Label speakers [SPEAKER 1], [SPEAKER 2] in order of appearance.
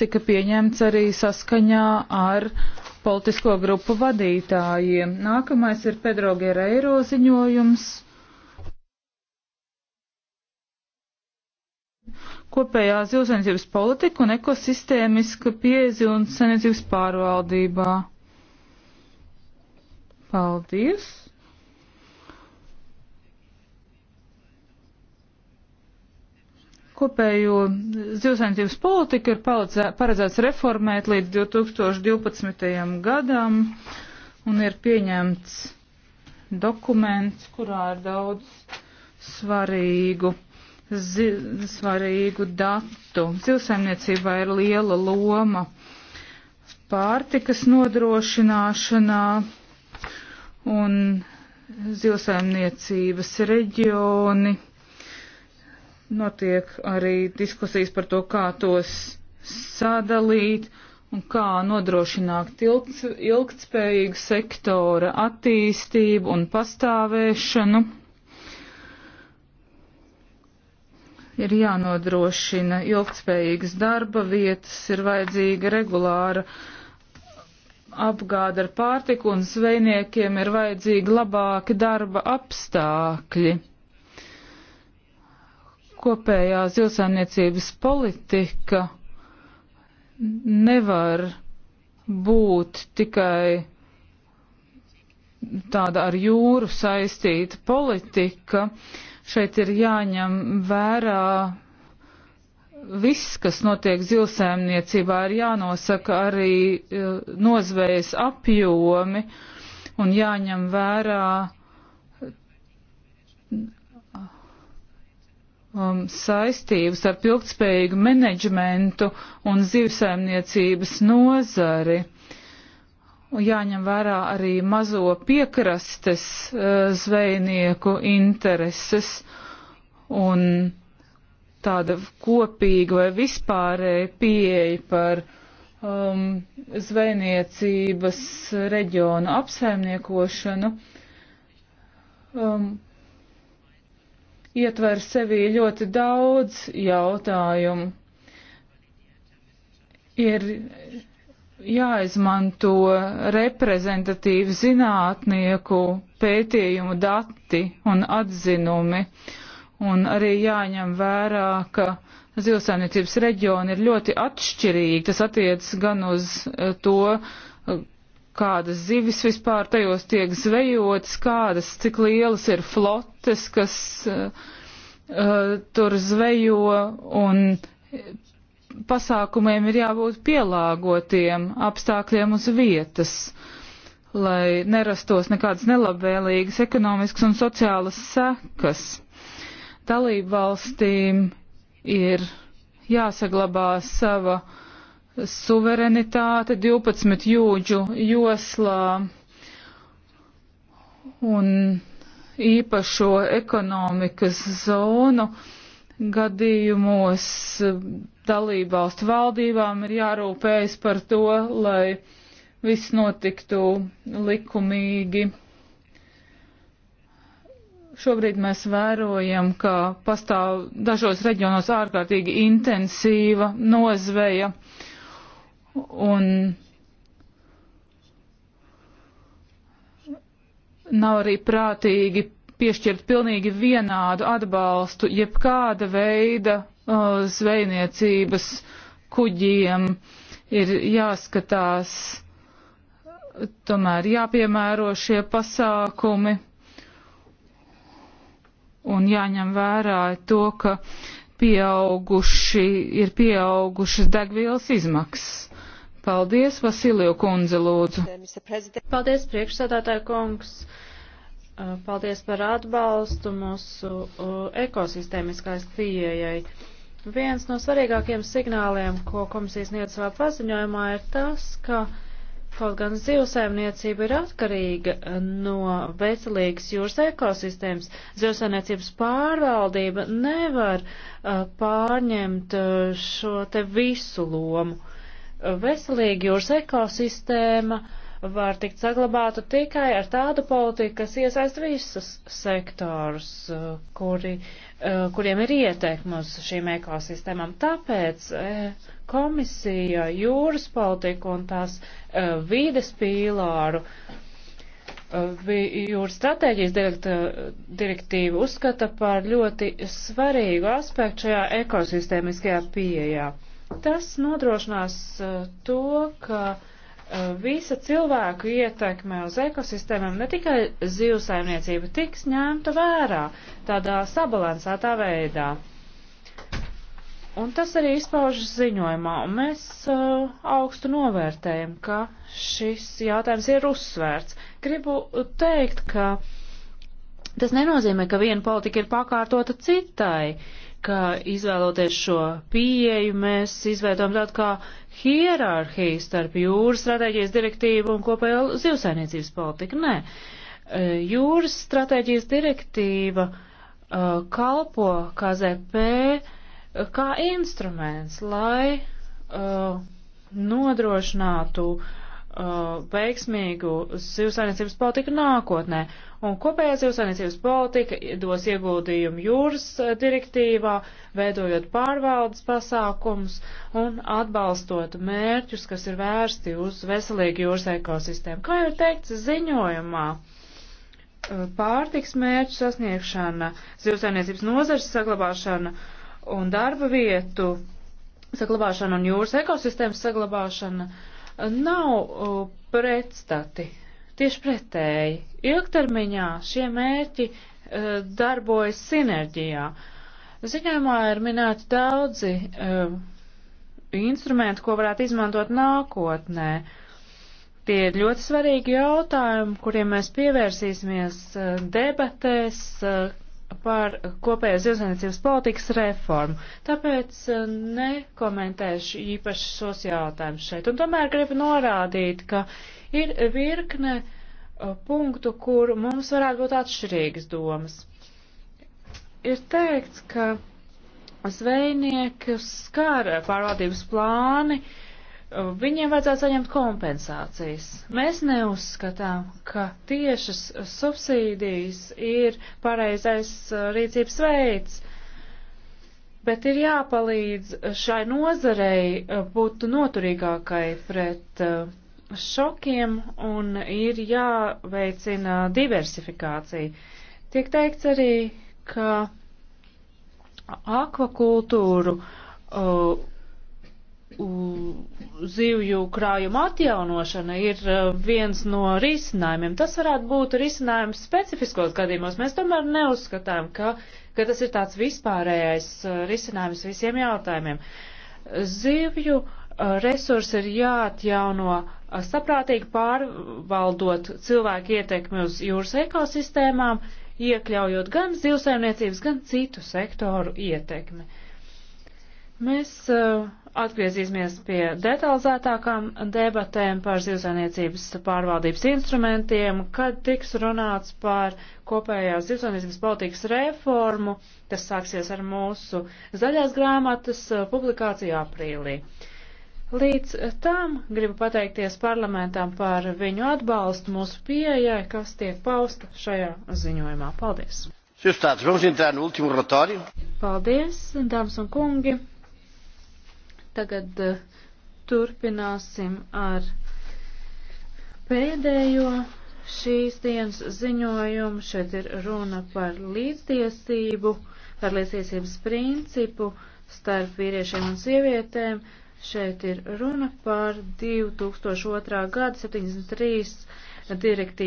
[SPEAKER 1] tika pieņemts arī saskaņā ar politisko grupu vadītājiem. Nākamais ir Pedro Gereiro ziņojums. Kopējā zivsainiecības politika un ekosistēmiska piezi un sainiecības pārvaldībā. Paldies! Kopējo zivsaimniecības politiku ir paredzēts reformēt līdz 2012. gadam un ir pieņemts dokuments, kurā ir daudz svarīgu, zi, svarīgu datu. Zivsaimniecībā ir liela loma pārtikas nodrošināšanā un zivsaimniecības reģioni Notiek arī diskusijas par to, kā tos sadalīt un kā nodrošināt ilgtspējīgu sektora attīstību un pastāvēšanu. ir jānodrošina ilgtspējīgas darba vietas, ir vajadzīga regulāra apgāda ar pārtiku un zvejniekiem ir vajadzīgi labāki darba apstākļi kopējā zilsainiecības politika nevar būt tikai tāda ar jūru saistīta politika. Šeit ir jāņem vērā viss, kas notiek zilsēmniecībā, ir jānosaka arī e, nozvejas apjomi un jāņem vērā um, saistības ar ilgtspējīgu menedžmentu un zivsaimniecības nozari. Jāņem vērā arī mazo piekrastes uh, zvejnieku intereses un tāda kopīga vai vispārēja pieeja par um, zvejniecības reģionu apsaimniekošanu. Um, ietver sevī ļoti daudz jautājumu. Ir jāizmanto reprezentatīvi zinātnieku pētījumu dati un atzinumi, un arī jāņem vērā, ka zilsainiecības reģioni ir ļoti atšķirīgi. Tas attiec gan uz eh, to, kādas zivis vispār tajos tiek zvejotas, kādas, cik lielas ir flotes, kas uh, tur zvejo, un pasākumiem ir jābūt pielāgotiem apstākļiem uz vietas, lai nerastos nekādas nelabvēlīgas ekonomiskas un sociālas sekas. Dalību valstīm ir jāsaglabā sava uh, suverenitāte 12 jūdžu joslā un īpašo ekonomikas zonu gadījumos dalībvalstu valdībām ir jārūpējas par to, lai viss notiktu likumīgi. Šobrīd mēs vērojam, ka pastāv dažos reģionos ārkārtīgi intensīva nozveja. Uh, un nav arī prātīgi piešķirt pilnīgi vienādu atbalstu jebkāda veida uh, zvejniecības kuģiem. Ir jāskatās, tomēr jāpiemēro šie pasākumi un jāņem vērā to, ka pieauguši, ir pieaugušas degvielas izmaksas. Paldies, Vasiliju kundze, lūdzu.
[SPEAKER 2] Paldies, priekšsēdētāja kungs. Uh, paldies par atbalstu mūsu uh, ekosistēmiskais pieejai. Viens no svarīgākiem signāliem, ko komisijas sniedz savā paziņojumā, ir tas, ka kaut gan zivsēmniecība ir atkarīga uh, no veselīgas jūras ekosistēmas, zivsēmniecības pārvaldība nevar pārņemt šo te visu lomu veselīga jūras ekosistēma var tikt saglabāta tikai ar tādu politiku, kas iesaist visus sektorus, kuri, kuriem ir ieteikumi uz šīm ekosistēmām. Tāpēc e, komisija jūras politiku un tās e, vīdes pīlāru e, jūras stratēģijas direktīva uzskata par ļoti svarīgu aspektu šajā ekosistēmiskajā pieejā. Tas nodrošinās eh, to, ka eh, visa cilvēku ietekme uz ekosistēmām, ne tikai zivsaimniecība, tiks ņemta vērā tādā sabalansētā veidā. Un tas arī izpaužas ziņojumā, un mēs uh, augstu novērtējam, ka šis jautājums ir uzsvērts. Gribu teikt, ka tas nenozīmē, ka viena politika ir pakārtota citai. Uh, ka izvēloties šo pieeju, mēs izveidojam tādu kā hierarhiju starp jūras stratēģijas direktīvu un kopējo zivsainiecības politiku. Nē, e, jūras stratēģijas direktīva e, kalpo KZP e, kā instruments, lai nodrošinātu uh, Uh, veiksmīgu zivsainiecības politiku nākotnē. Un kopējā zivsainiecības politika dos ieguldījumu jūras uh, direktīvā, veidojot pārvaldes pasākums un atbalstot mērķus, kas ir vērsti uz veselīgu jūras ekosistēmu. Kā jau teikts ziņojumā, uh, pārtiks mērķu sasniegšana, zivsainiecības nozares saglabāšana un darba vietu saglabāšana un jūras ekosistēmas saglabāšana uh, nav uh, pretstati. Tieši pretēji, ilgtermiņā šie mērķi uh, darbojas sinerģijā. Ziņojumā ir minēti daudzi um, instrumenti, ko varētu izmantot nākotnē. Tie ir ļoti svarīgi jautājumi, kuriem mēs pievērsīsimies uh, debatēs, par kopējo zilzniecības politikas reformu, tāpēc eh, nekomentēšu īpaši šos jautājumus šeit. Un tomēr gribu norādīt, ka ir virkne eh, punktu, kur mums varētu būt atšķirīgas domas. Ir teikts, ka zvejniekus skar pārvaldības plāni, uh, viņiem vajadzētu saņemt kompensācijas. Mēs neuzskatām, ka tiešas subsīdijas ir pareizais uh, rīcības veids, bet ir jāpalīdz šai nozarei uh, būt noturīgākai pret uh, šokiem un ir jāveicina diversifikācija. Tiek teikts arī, ka akvakultūru uh, zivju krājuma atjaunošana ir eh, viens no risinājumiem. Tas varētu būt risinājums specifiskos gadījumos. Mēs tomēr neuzskatām, ka, ka tas ir tāds vispārējais eh, risinājums visiem jautājumiem. Zivju eh, resursi ir jāatjauno saprātīgi pārvaldot cilvēku ietekmi uz jūras ekosistēmām, iekļaujot gan zivsaimniecības, gan citu sektoru ietekmi. Mēs uh, Atgriezīsimies pie detalizētākām debatēm par zivsainiecības pārvaldības instrumentiem, kad tiks runāts par kopējās zivsainiecības politikas reformu, kas sāksies ar mūsu zaļās grāmatas eh, publikāciju aprīlī. Līdz tam gribu pateikties parlamentam par viņu atbalstu mūsu pieejai, kas tiek pausta šajā ziņojumā. Paldies! Paldies, dāmas un kungi! Tagad eh, turpināsim ar pēdējo šīs dienas ziņojumu. Šeit ir runa par līdztiesību, par līdztiesības principu starp vīriešiem un sievietēm. Šeit ir runa par 2002. gada 73 direktīvu.